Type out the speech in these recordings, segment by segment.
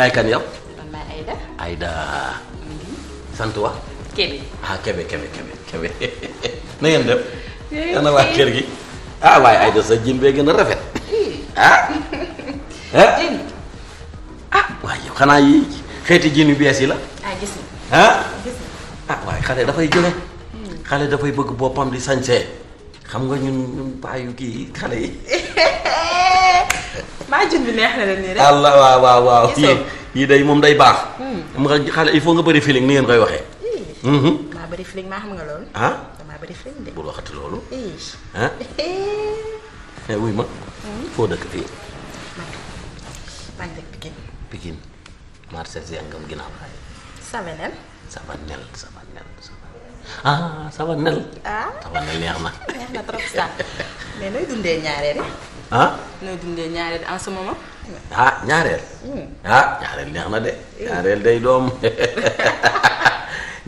yaay kan yow. man maay Aida. Aida. sant wa. Kébé. ah kër gi. ah waaye Aida sa jin bee gën a rafet. ah. Eh? ah waaye xanaa yi xeeti jin yu bees yi la. ah ah. ah waaye xale dafay jële. Hmm. xale dafay bëgg boppam di sañse xam nga ñun ñun bàyyi kii xale yi. maa jën bi neex na leen nii rek. waaw waaw waaw. yii yii day moom day baax. xam hmm. nga xale il faut nga bëri feeling ni ngeen koy waxee. Hmm. maa bëri feeling nga loolu. ah maa bëri feeling de. bul waxati loolu. ah. eh wuy ma. Hmm? foo dëkk fii. maa ngi dëkk Pikine. Pikine. marché Zengam ginnaaw. Sabanel. Sabanel Sabanel. ah sabanel. Ah. neex na. neex na trop sax mais nooy dundee ñaareel yi. ah nooy dundee ñaareel en ce moment. ah ñaareel. Hmm. ah ñaareel neex na de. ñaareel day doom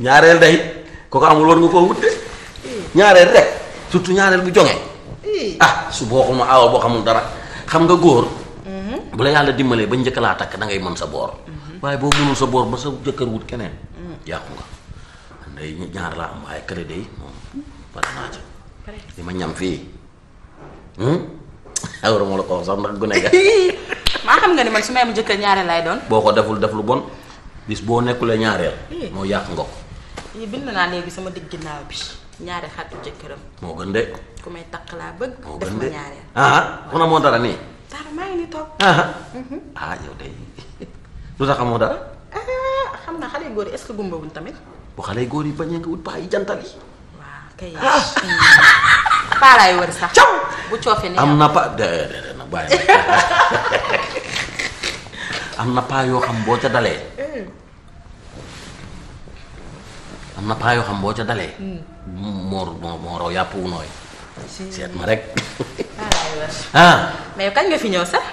ñaareel day ku ko amul war nga koo wute. Hmm. ñaareel rek surtout ñaareel bu joŋee. Hmm. ah su boo xuma awa boo xamul dara xam nga góor. bu la yàlla dimbalee ba njëkk laa takk da ngay mën sa boor. waaye boo mënul sa boor ba sa jëkkër wut keneen. yàqu nga. day ñaar laa am waaye crédit yi moom pare naa ci li ma ñam fii hmm? awra ma la ko wax sax ndax gune ga maa xam nga ni man su may am jëkkër ñaareel lay doon boo ko deful def lu bon bis boo nekkulee ñaareel eh. moo yàq nga ko yi eh, bind naa sama digg ñaari xatu jëkkëram moo may takk laa bëgg ah, dara nii dara maa ngi ni toog ah. Mhm. ah yow de lu tax amoo dara ah, xam nga xale yu yi est-ce que gumbawuñ tamit bu xale góor yi bañee nga wut paa jantal yi. waaw ah. wër sax. caw am na paa déedéet nag bàyyi am na paa xam boo ca dalee. Mm. am na paa xam boo ca dalee. Mm. moor moo raw yàpp wu nooy seet ma rek. ah. mais kañ nga fi ñëw sax.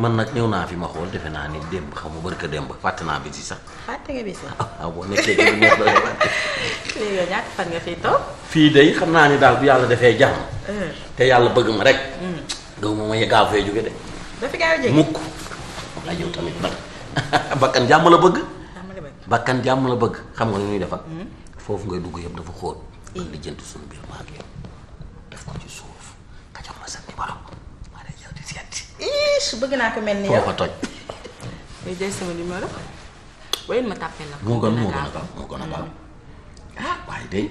man nag ñëw naa fi ma xool defe naa ni démb xamu barka démb fàtte naa bi si sax. fàtte nga bi si. waaw boo nekkee kër neex na léegi yow ñaata fan nga toog. fii de xam naa ni daal bu yàlla defee jàmm. Euh. te yàlla bëgg ma rek. Hmm. gaw ma ma gaaw fee jóge mukk. waaw tamit nag bakkan jàmm la bëgg. bakkan jàmm la bëgg xam nga nu ñuy defal hmm. foofu ngay dugg yëpp dafa xóot. li jënt suñu biir maa ak yow riche bëgg naa ko mel ni yow. koo ko toj. day jël sama numéro. wéyal ma tàppee la. moo gën moo gën a gaaw moo gën a gaaw mm-hmm. ah waaye day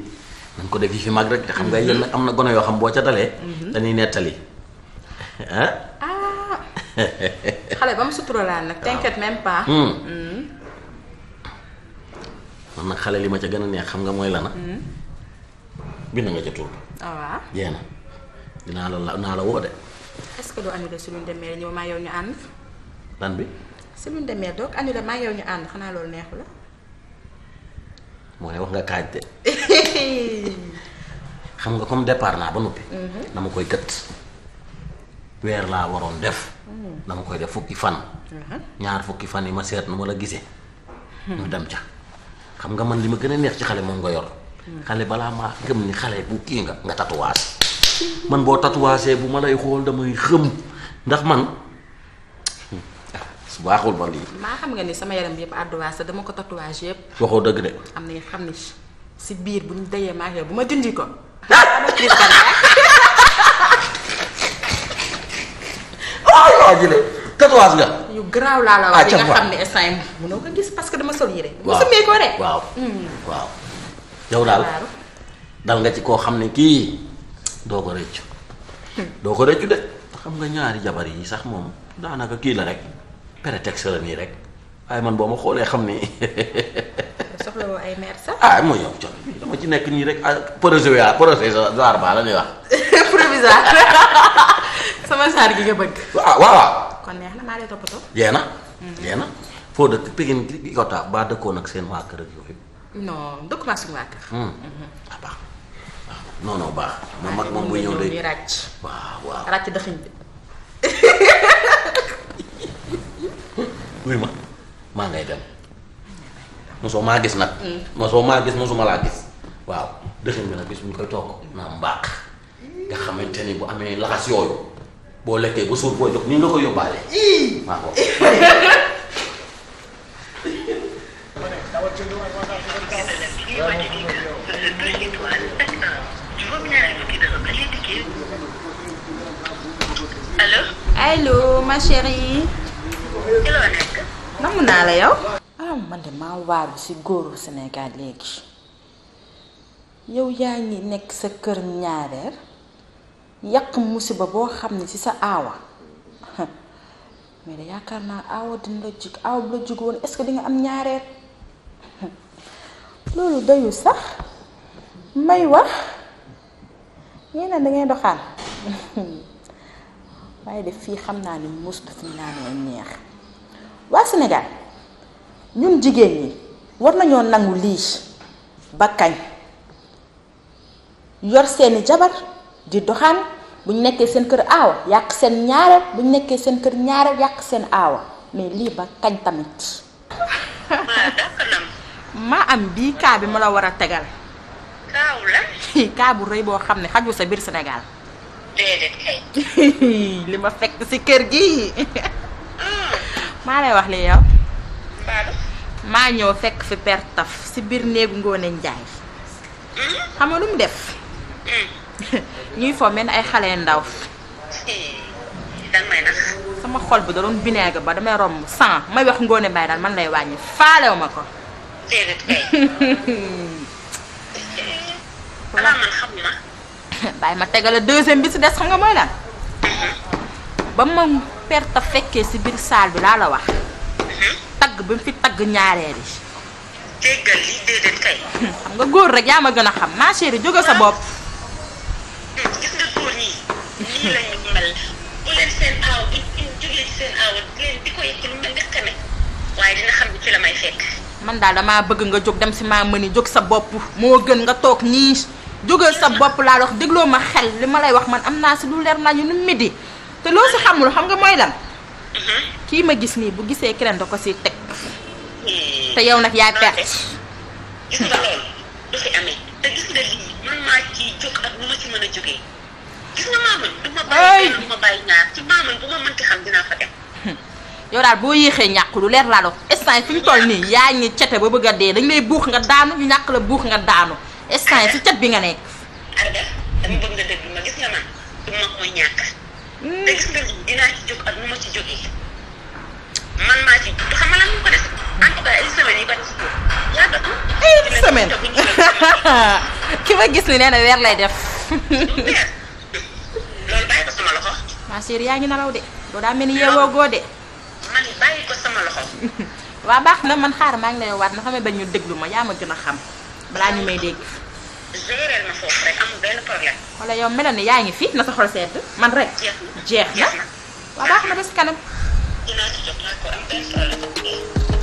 nañ ko def yi fi mag rek te xam nga yéen nag am na gone yoo xam boo ca dalee. Mm-hmm. dañuy nettali ah. ah xale ba mu suturalaan nag. t'inquiète même pas. Hmm. Mm-hmm. man nag xale li ma ca gën a neex xam nga mooy lana. bind nga ca tur. ah waaw. jeex na dinaa la la naa la woo de. est-ce que doo annulé suñu demee ñëw maa yow ñu ànd. nan bi. suñu demee doog annulé maa yow ñu ànd xanaa loolu neexu la. moo ne wax nga kaaj de. xam nga comme départ naa ba noppi. Mhm. dama koy gët. weer laa waroon def. Mhm. dama koy def fukki fan. Uh-huh. ñaar fukki fan yi ma seet nu ma la gisee. Hmm. ñu dem ca. xam nga man li ma gën a neex ci xale moom nga yor. Hmm. xale balaa maa gëm ni xale bu kii nga nga tatuwaas. man boo tatouage bu ma lay xool damay xëm ndax man su baaxul lii. maa xam nga ni sama yaram bi yëpp ardoise dama ko tatouage yëpp. waxoo dëgg de. am na xam ne si biir bu ñu dajee maa bu ma dindi ko. Ah! Ah, waaw jële tatouage nga. yu garaaw laa la ah, xam ne instant yii mënoo ko gis parce que dama sol yére. waaw mësumee ko de. waaw hmm. waaw. yow daal dal nga ci koo xam ne kii. doo ko rëccu doo ko rëccu de xam nga ñaari jabar yi sax moom daanaka kii la rek prétexte la nii rek waaye man boo ma xoolee xam ni soxla woo ay mère sax ah mooy yow con ci nekk nii rek provisoire ah, provisoire ah, ba la ñuy wax provisoire sama saar gi nga bëgg ah, waaw waaw kon neex na maa lay toppatoo yee na hmm. foo dëkk Pikine gi ko taa baa dëkkoon ak seen waa kër ak yooyu non dëkk maa suñu waa kër hmm. Hmm. noonu non baax. man mag moom muy ñëw de di ràcc. waaw waaw ràcc daxiñ bi. wuy ma maa ngay dem mosoo maa gis nag. mosoo maa gis mosuma laa gis. waaw dëxin bi nag bis bu koy togg naa mbaax nga xamante ni bu amee laxas yooyu boo lekkee ba suur boo jox ni nga ko yóbbaale. allo ma chérie. ci loo naa la yow. ah man de maa ci góoru Sénégal léegi yow yaa ngi nekk sa kër ñaareel yàq musiba boo xam ne ci sa aawa mais de yaakaar naa aawa dina la jig aawa bu la jig est-ce que am ñaareel loolu doyul sax may wax ñeneen da doxaan. waaye def fii xam naa ni must fi naanee neex waa Sénégal ñun jigéen ñi war nañoo nangu lii ba kañ yor seeni jabar di doxaan bu ñu nekkee seen kër aawa yàq seen ñaareel bu ñu nekkee seen kër ñaare yàq seen aawa mais lii ba kañ tamit maa am bii kaa bi ma la war a tegal kaaw kaa bu rëy boo xam ne xaju sa biir senegaal déedéet kay. li ma fekk ci kër gi. maa lay wax li yow. maa ñëw fekk fi per ci biir néegu Ngoone Njaay. Hmm? xam nga def. Hmm. ñuy fo mel ay xale ndaw. sama xol bu daloon doon bineega ba damay romb sang may wax Ngoone Mbaay daal man lay wàññi faalew ma ko. bàyyi ma tegale deuxième bi ci des xam nga mooy lan ba ma perte fekkee si biir salle bi laa la wax. Mm-hmm. tagg ba mu fi tagg ñaareel yi. déggal li déedéet kay. xam nga góor rek yaa ma gën a xam ma chérie jóge sa bopp. gis man daal damaa bëgg nga jóg dem si maa mëni jóg sa bopp moo gën nga toog nii. jógal sa bopp laa wax dégloo ma xel li ma lay wax man am naa si lu leer nañu nu di te loo si xamul xam nga mooy lan. Mm-hmm. kii ma gis nii bu gisee kereen da ko si teg. Mm. te yow nag yaay perte. yow daal boo yéexee ñàkk lu leer laa dox instant fi ñu toll nii yaa ngi cete ba bëgga dee dañ lay buux nga daanu ñu ñàkk la buux nga daanu. instant yi ci cat bi nga nekk. Arda dama ma gis nga man du ma koy ñàkk. Hmm. te gis ci jóg ak nu ki ma gis ni nee na weer lay def. loolu yaa ngi nalaw de. doo daa mel ni yeewoo goo de. waa baax na man xaar maa ngi lay waat na xam ne dañ ñu déglu ma yaa ma gën a xam. balaa ñu may dégg. gérer ma wala yow mel ne yaa ngi fi na sa xol sedd man rek. jeex na jeex na. waaw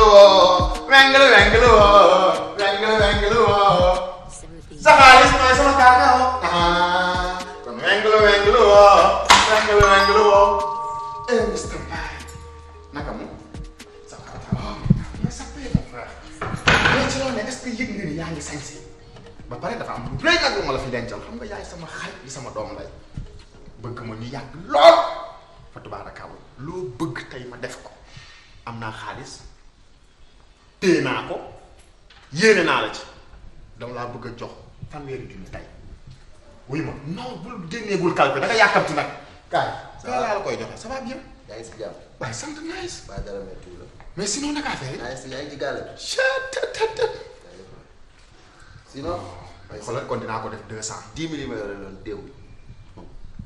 wengeluwo sa xaalis mooy sama kàddu woo kon wengelu wengeluwo wengelu wengeluwo eh sa xarit waaw mais nga ni yaa nag lu fi dencal xam nga yaay sama xarit di sama doom lay bëgg ma ñu yàgg lool fa tubaarakaw loo bëgg tey ma def ko am naa xaalis téye naa ko yéene naa la ci dama laa bëgg a jox fanweeri junni tey wuy ma non bul génneegul calpe da nga yàkkamti nag. kaay ça va laa la koy joxe ça va bien. yaa ngi si jàmm. waaye sant nice. waa dara méttiwul la. mais sinon naka affaire yi. yaa ngi ci gàll. sinon. xoolal kon dinaa ko def deux cent. dix mille ma yore loon démb.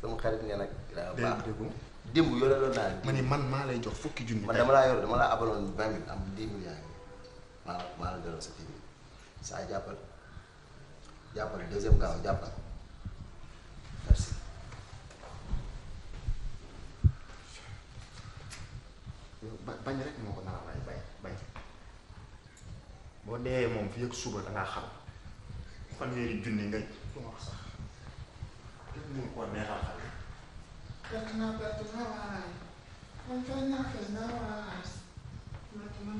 sama xarit nga nag. baax démb yore loon naa. ma ne man maa lay jox fukki junni. man dama laa yore dama laa abaloon vingt mille am dix mille yaa ngi maa maa la delloo sa tigri saa jàppal jàppal deuxième gaaw jàppal merci bañ rek moo ko nar a lay bañ boo dee moom fi yëg suba dangaa xam fanweeri junni nga du ma sax kenn mënu ko neexal xale perte naa perte naa waay man feeñ naa feeñ naa waay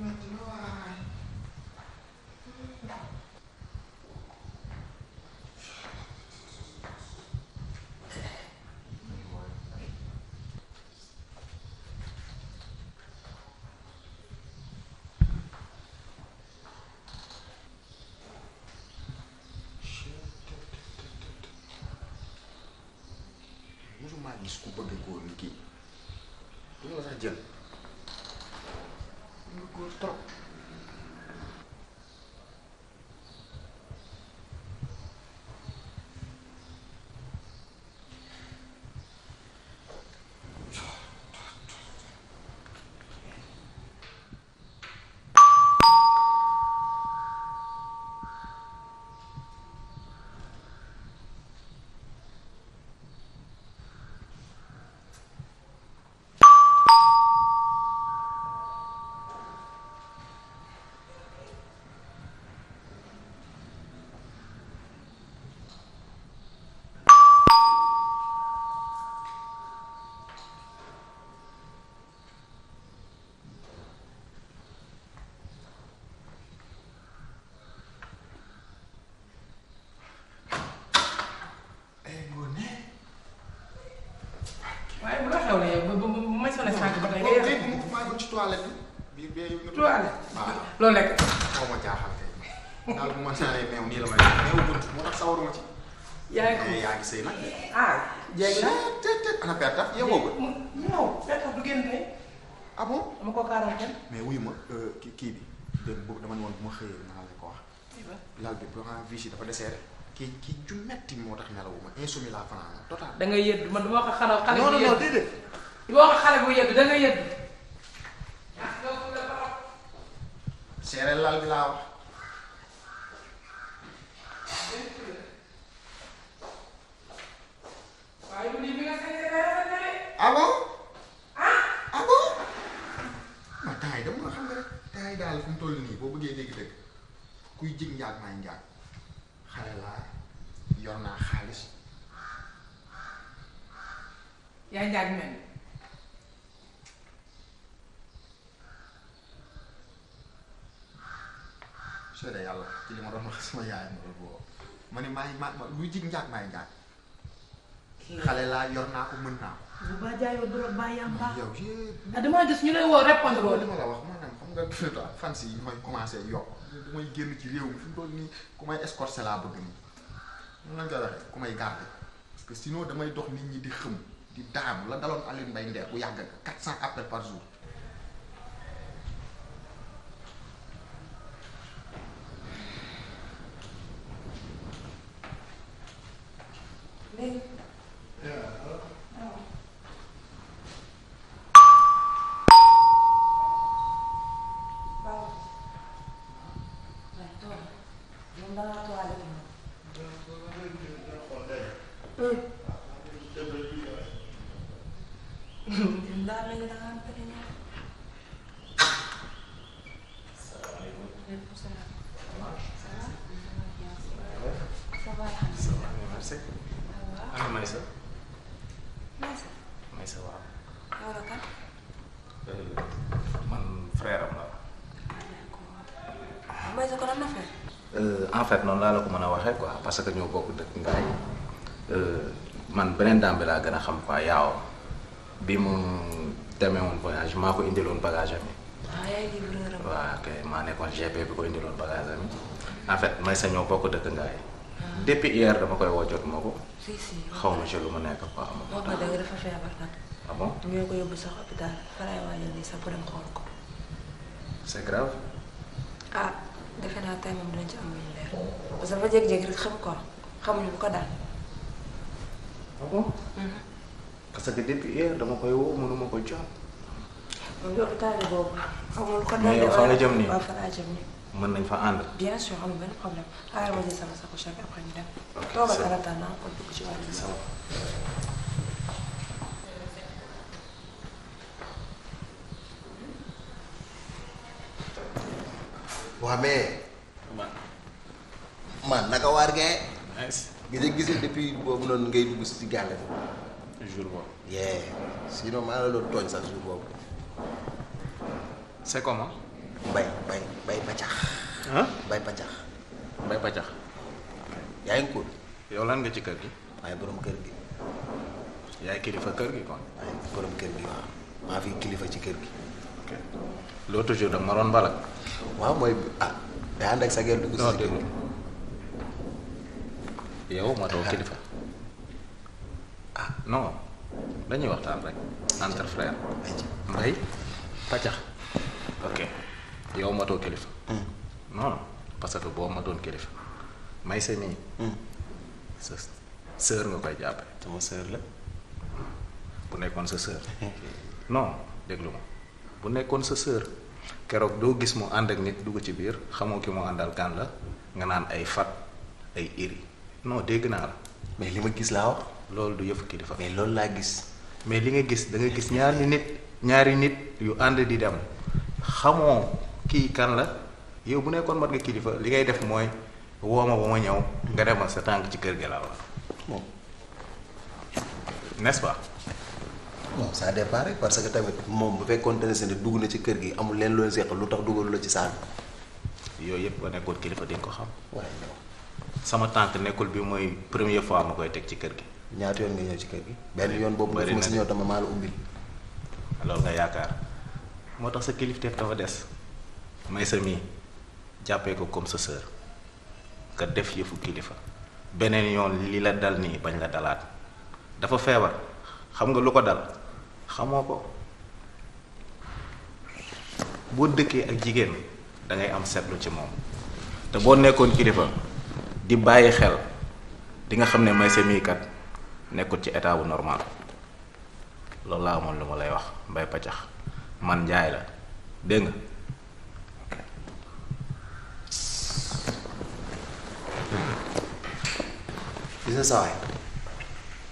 metti na maa gis ku bëgg góor ni kii du ma sax jël lu góor trop loolu lekk. xaw ma jaaxal kay daal bu ma naanee meew nii la may meew bunt moo tax sawaruma ci. yaa ngi ko eh, yaa ngi sëy ah, du génn tey. ah bon dama ko quarantaine. mais wuyu euh, kii bi démb boobu dama ne woon bu ma xëyee naa la wax. lal bi pour en vigie dafa deseere. kii kii ju moo tax nelawuma insomnie laa fanaan total. da nga man du ma ko xale. xale bu yedd da nga seere lal bi laa wax ah ma taay dama nga xam nga rek taay daal fu mu toll nii boo bëggee dégg-dëgg kuy jig njaag maay njaag xale laa yor naa xaalis yaa njaag mel sama yaay ma doon woo ma ne maay ma luy jig njaag maay njaag. xale laa yor naa ko mën naa ko. bu baa jaayoo doro baa yamba. yow ah damaa gis ñu lay woo répondre loolu. li ma la wax maanaam xam nga tout fan si mooy commencé yokk bu may génn ci réew mi fi mu nii ku may escorté laa bëgg nii. mun nañu koy waxee ku may gardé parce que sinon damay dox nit ñi di xëm di daanu la daloon Alioune Mbaye Nder bu yàgg cent appels par jour. Euh, en fait noonu laa la ko mën a waxee ko parce que ñoo bokk dëkk ngaay euh, man beneen daam bi laa gën a xam quoi yaaw bi mu demee woon voyage maa ko indiloon bagage yi ah, waaw fait may sa ñoo bokk dëkk ngaay ah. depuis hier dama koy woo jot ko xaw ma ci lu mu nekk quoi moo tax dafa feebar nag ah ñoo ko yóbbu sax hôpital fa laay nii sax pour dem xool ko c'est grave ah. defe naa tey moom dina ci am lu leer parce que dafa jékki-jékki rek xam ko xamuñu bu ko daal. ah bon. Mhm. parce que depuis hier dama koy woo mënuma ko jot. moom loolu taal boobu. xamul ko daal yow fa nga jëm nii waaw fa laa jëm mën nañ fa ànd. bien sûr amul benn problème xaaral ma jël sama sacoche après ñu dem. ok toogal ko dugg ci wàllu waaw mais. man naka waar gee. merci gis gisee depuis boobu noonu ngay dugg si gàll bi. jour boobu. yee sinon maa la doon tooñ sax jour boobu. c'est comment. bay bay bay pàccax. ah bay pàccax. bay pàccax. yaa ko. yow lan nga ci kër gi. waaye boroom kër gi. yaay kilifa kër gi kon. waaye borom kër gi waaw. maa fi kilifa ci kër gi. ok loolu toujours da nga waaw mooy ah day sa gel dugg si. Ah, ah. Ah, non déglu ma waxtaan rek entre frère. yow ma kilifa. Hmm. non parce que boo ma doon kilifa may nii. Hmm. sa sœur nga koy jàppe sama sœur la. bu nekkoon sa sœur. non déglu ma bu nekkoon sa sœur. keroog doo gis mu ànd ak nit dugg ci biir xamoo ki mu àndal kan la nga naan ay fat ay iri non dégg naa la. mais li ma gis laa wax. loolu du yëfu kilifa. mais loolu naa gis. mais li nga gis danga nga gis ñaari nit ñaari nit yu ànd di dem xamoo kii kan la yow bu nekkoon mat nga kilifa li ngay def mooy woo ma ba ma ñëw nga demal sa tànk ci kër gi laa wax n'est-ce non ça dépend rek parce que tamit moom bu fekkoon ne seen dugg na ci kër gi amul leen loo seq lu tax dugalu la ci saal yooyu yëpp nga nekkoon kilifa di ko xam. waaw sama tànk nekkul bi mooy premier fois ma koy teg ci kër gi. ñaata yoon nga ñëw ci kër gi. benn yoon boobu dafa ma si ñëw dama maa la ubbil. loolu nga yaakaar moo tax sa kilifteef dafa des. may sa mii jàppee ko comme sa sœur nga def yëfu kilifa beneen yoon li la dal nii bañ la dalaat dafa feebar xam nga lu ko dal. xamoo ko boo dëkkee ak jigéen dangay am seetlu ci moom te boo nekkoon kilifa di bàyyi xel di nga xam ne may semikat mii nekkul ci état bu normal loolu laa amoon lu ma lay wax mbay paccax man njaay la dégg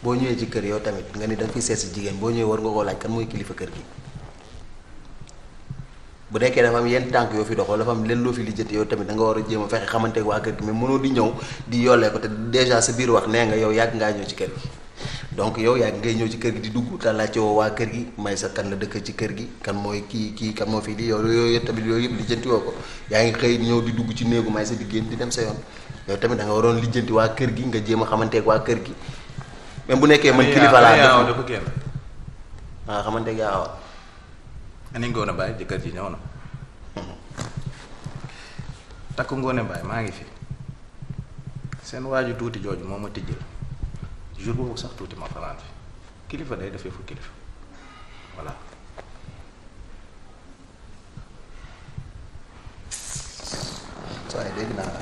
boo ñëwee ci kër yow tamit nga ni da fi seet si jigéen boo ñëwee war nga koo laaj kan mooy kilifa kër gi bu nekkee dafa am yenn tànk yoo fi doxoo dafa am lenn loo fi lijjanti yow tamit da nga war a jéem a fexe waa kër gi mais di ñëw di yollee ko te déjà sa biir wax nee nga yow yàgg ngaa ñëw ci kër gi donc yow yàgg ñëw ci kër gi di dugg te laajte woo waa kër gi may sa kan la dëkk ci kër gi kan mooy kii kii kan moo fi di yow yooyu tamit yooyu yëpp ko yaa ngi xëy ñëw di dugg ci néegu may sa génn di dem sa yoon yow tamit da nga waroon lijjanti waa kër gi nga jéem a xamante waa kër gi même bu nekkee man kilifa laa def dafa génn waaw xamante ne yaa ani ngoone baay jëkkër ji ñëw takk ngoone baay maa ngi fi seen waaju tuuti jooju moo ma tijjal jour boobu sax tuuti ma fanaan fi kilifa day defee fu kilifa voilà waaye dégg naa la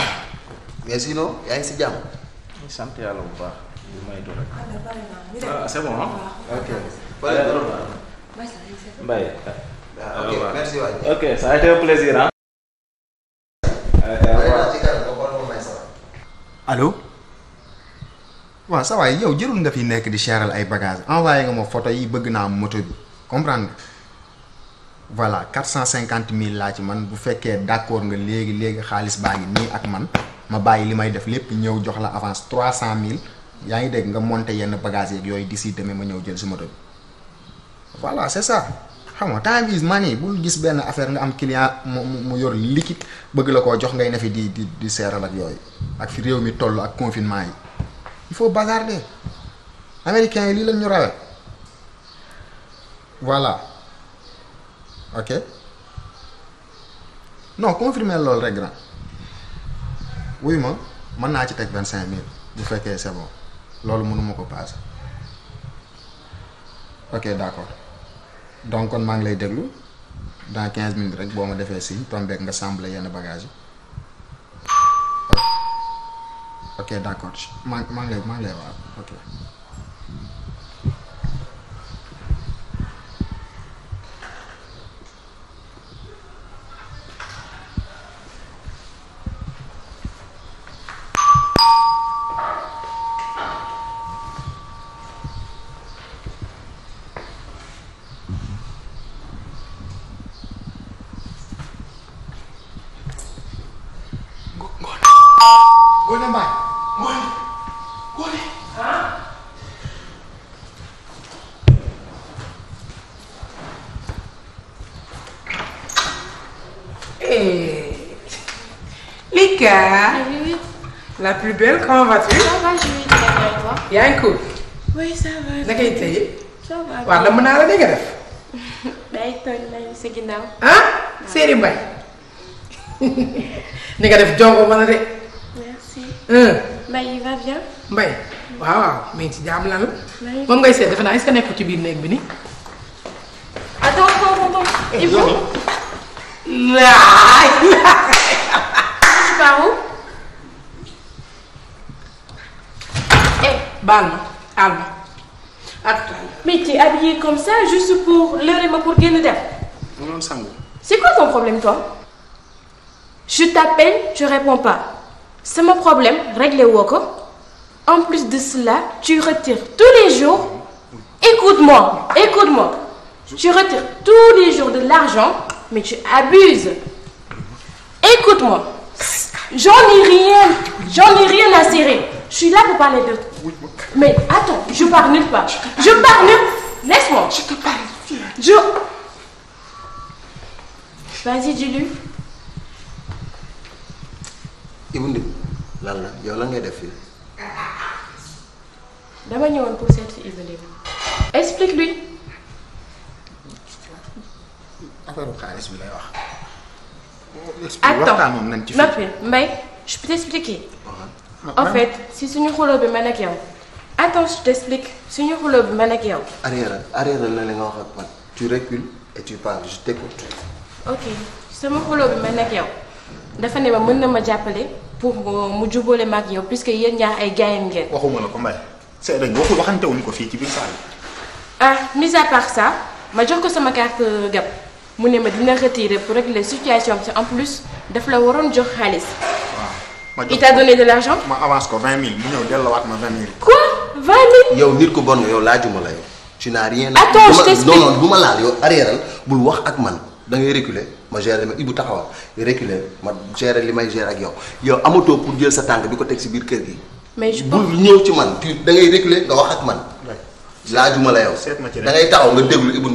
mais sinon yaa ngi si jàmm sant yàlla bu baax di moytu rek. allo. waaw sa waay yow jërul nga fi nekk di cheral ay bagages envoyé nga ma bëgg naa moto bi comprendre nga voilà cent cinquante mille laa ci man bu fekkee d'accord nga léegi léegi xaalis baa ngi nii ak man ma bàyyi li may def lépp ñëw jox la avance trois cent mille. yaa ngi dégg nga monter yenn bagages yeeg yooyu d'ici demain ma ñëw jël su ma doon voilà c'est ça xam nga time is money bul gis benn affaire nga am client mu mu yor liquide bëgg la koo jox ngay ne fi di di di seeral ak yooyu ak fi réew mi toll ak confinement yi il faut bazarder américains yi lii lañ ñu voilà ok non confirmer loolu rek grand wuy ma mën naa ci teg vingt cinq mille bu fekkee c'est loolu mënuma ko paase ok d'accord donc kon maa ngi lay déglu dans quinze minutes rek boo ma defee signe tombeek nga semblé yenn bagage yi ok d'accord maa maa ngi lay maa ngi lay waaw ok Mika la plus belle comment vas-tu. ça va ngi cool. oui ça va. da ngay téye. ça la mën naa la dégg def. day tooñ nañu si ginnaaw. ah Serigne Mbaye. ni nga def jongo ma la la. moom ngay seet defe naa est-ce que nekkul ci biir néeg bi nii. asfaawu eh ak mais t'es habillé comme ça juste pour leurrer pour génn dem. ma doon sangu. c'est quoi ton problème toi. je t'appelle tu réponds pas sama problème réglé woo ko en plus de cela tu retires tous les jours écoute-moi écoute-moi tu retires tous les jours de l'argent mais tu abuses mhm. écoute-moi. J'en ai rien. J'en ai rien à serrer. Je suis là pour parler de. Mais attends, je parle nulle part. Je parle nulle. Laisse-moi. Je te parle. Je. la yow ngay def fii. dama ñëwoon pour explique lui. lay wax. waxtaanoon nañ ci noppi Mbaye je peux t'expliquer. en fait si suñu xuloo bi man ak yow. attends je t'explique suñu xuloo bi man ak yow. arrière arrière la li nga wax ak man tu recules et tu parles je t'écoute. ok sama xuloo bi man ak yow dafa ne ma mën na ma jàppale pour mu jubóole ma ak yow puisque yéen ñaar ay gaayam ngeen. waxuma la ko Mbaye c'est dañ waxu waxante wuñ ko fii ci biir salle ah mis à part ça ma jox ko sama carte GAB. mu ne ma dina retirer pour régler situation bi en plus daf la waroon jox xaalis. ma jox il t'a donné de l'argent. ma avance ko vingt mille mu ñëw delloowaat ma vingt mille. quoi vingt mille. yow nit ko bon nga yow laajuma la yow. tu n'as rien à. attends je t'explique non bu ma laal yow arriéral bul wax ak man da ngay reculer ma gérer ma Ibou taxawal reculer ma gérer li may gérer ak yow yow amatoo pour jël sa tànk di ko teg si biir kër gi. mais je pense bul ñëw ci man tu da ngay reculer nga wax ak man. laajuma la yow. seet ma ci da taxaw nga déglu Ibou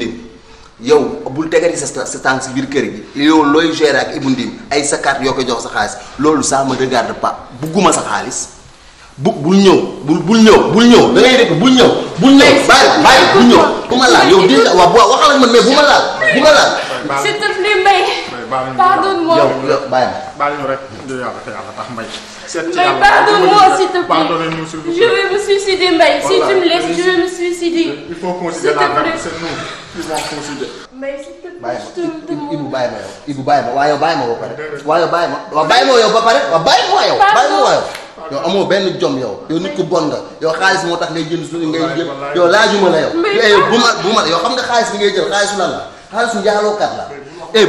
yow bul tegati sa sa tànk si biir kër gi yow looy gérer ak Ibou Ndim ay sa carte jox sa xaalis loolu ça me regarde pas bugguma sa xaalis bu bul ñëw bul bul ñëw bul ñëw da ngay def bul ñëw. bul ñëw bàyyi bàyyi bu bu waxal ak ma laal bu ma pardon moi yow yow bàyyi baal ñu rek mbay. si il faut considérer la même c'est nous qui vont considérer. mais si Ibu bàyyi ma yow Ibu bàyyi ma waaye yow bàyyi ma ba pare. waaye yow bàyyi ma waaw yow ba pare waaw bàyyi ma yow. yow yow amoo benn jom yow yow nit ku bon nga yow xaalis moo tax ngay jënd suñu ngay jël yow laajuma la yow. yow eh, bu ma bu ma yow xam nga xaalis bi ngay jël eh,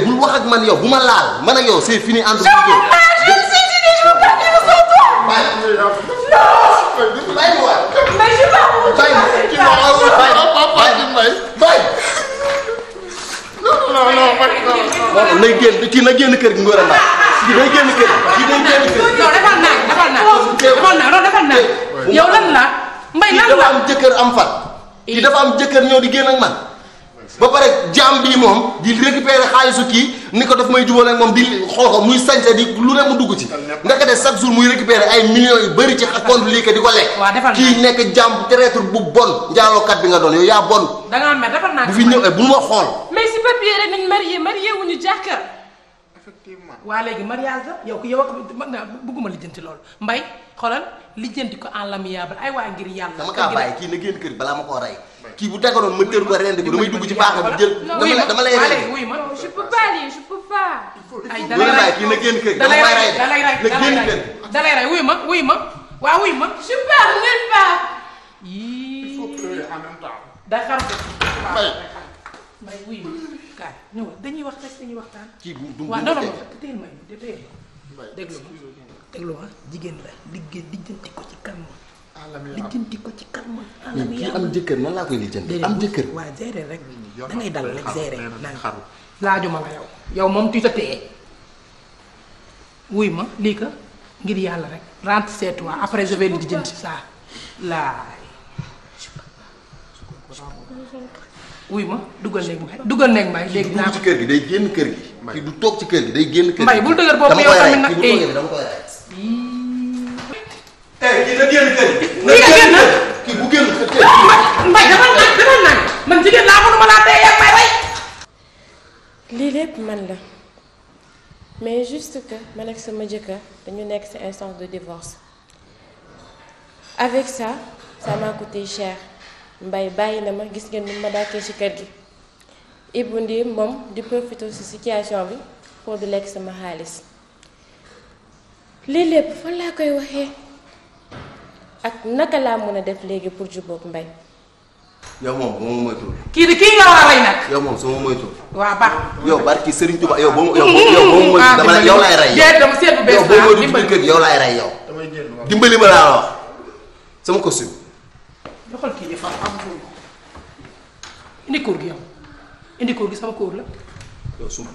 man yow bu ma laal man ak yow c'est fini entre nous deux. day génn kii na génn kër gi Ngor Mbaye kii day génn kër kii day génn kër. non defal naa defal naa defal naa non defal naa yow lan la. mbay lan la dafa am jëkkër am fat kii dafa am jëkkër ñëw di génn ak man. ba pare jaam bii moom di récupérer xaalisu kii ni ko daf may jubal ak moom di xool ko muy sa di lu ne mu dugg ci ndaka de chaque jour muy récupérer ay millions yu bëri ci compte lii que di ko lekk kii nekk jaam traître bu bon njaalookat bi nga doon yow yaa bon bu fi ñëw bu ma xool mais si papier rek nañ marié marié wuñu jàkkar waa léegi mariage la yow ko yow ak bëgguma lijjanti loolu mbay xoolal lijjanti ko en l'amiable ay waa ngir yàlla dama kaa bàyyi kii na génn kër balaa ma koo rey kii bu daganoon ma tër ko rend ko damay dugg ci paaka bi jël. dama lay da lay rey kii na génn kër da lay rey da lay rey da wuy ma wuy ma waaw wuy ma. je parle ngeen pas. il faut pleurer en même temps. day xam mbay wuy ma dañuy wax rek dañuy waxtaan. kii bu bu waaw non teel may déglu ma jigéen la liggéey lijjanti ko ci kanam lijjanti ko ci calme. alam yi am jëkkër nan laa koy lijjanti am jëkkër. waaw gérer rek da ngay dal rek gérer da nga xaru. laajuma la yow yow moom tu te tais wuy ma lii ko ngir yàlla rek rentre chez toi après je vais lijjanti ça laay. wuy ma dugal néeg mbay dugal néeg mbay léegi naa ci ci kër gi day génn kër gi. mbay bul dëgër boobu yow tamit nag eh. dama eh lii lépp man la mais juste que man ak sama jëkkër dañu nekk ci instance de divorce avec ça ça m'a coûté mbay bàyyi na ma gis ngeen ni ma dàkkee ci kër gi. Ibou Ndir moom di profité ci situation bi pour di lekk sama xaalis lii lépp fan laa koy waxee. ak naka laa mën a def léegi pour jubóog mbay. yow moom ba ma moytuwul. kii di kii nga war a rey nag. yow moom sama moytuwul. waaw baax yow barki yow boo yow boo ma ah, moytuwul dama yow laay rey. yow dama ma moytuwul kër yow laay rey yow. kii di fan yow indi kóor gi sama kóor la. yow suma.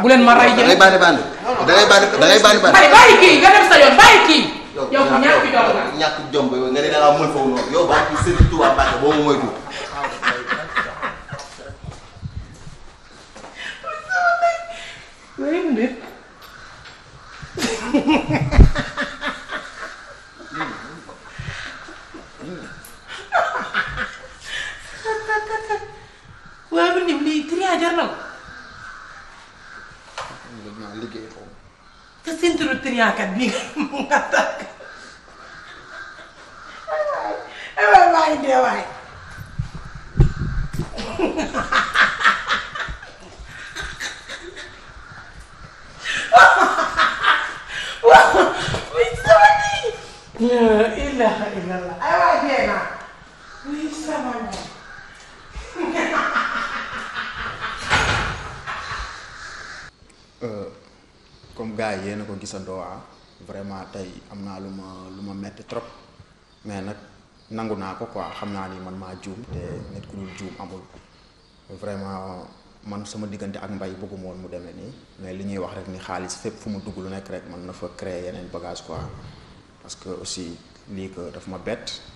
bu leen ma rey jëlee da bàyyi kii nga dem sa yoon bàyyi kii. yow ñàkk jom nga ñàkk jom ba nga ne da ngaa mën foofu noonu yow baax ci sëriñ Tuubaa Mbàkke boobu mooy tuub. waaw bi nii jar na ko. liggéey foofu. te seen turu triyaa kat bii waay dee ay waay dee naa muy sama ñoom euh, comme gars yi yéen a ko gisandoo ah vraiment tey am naa lu ma lu ma metti trop mais nag nangu naa ko quoi xam naa ni man maa juum te nit ku dul juum amul vraiment man sama diggante ak mbay bëgguma woon mu demee nii mais li ñuy wax rek ni xaalis fépp fu mu dugg lu nekk rek mën na fa créer yeneen bagage quoi parce que aussi lii ko daf ma bett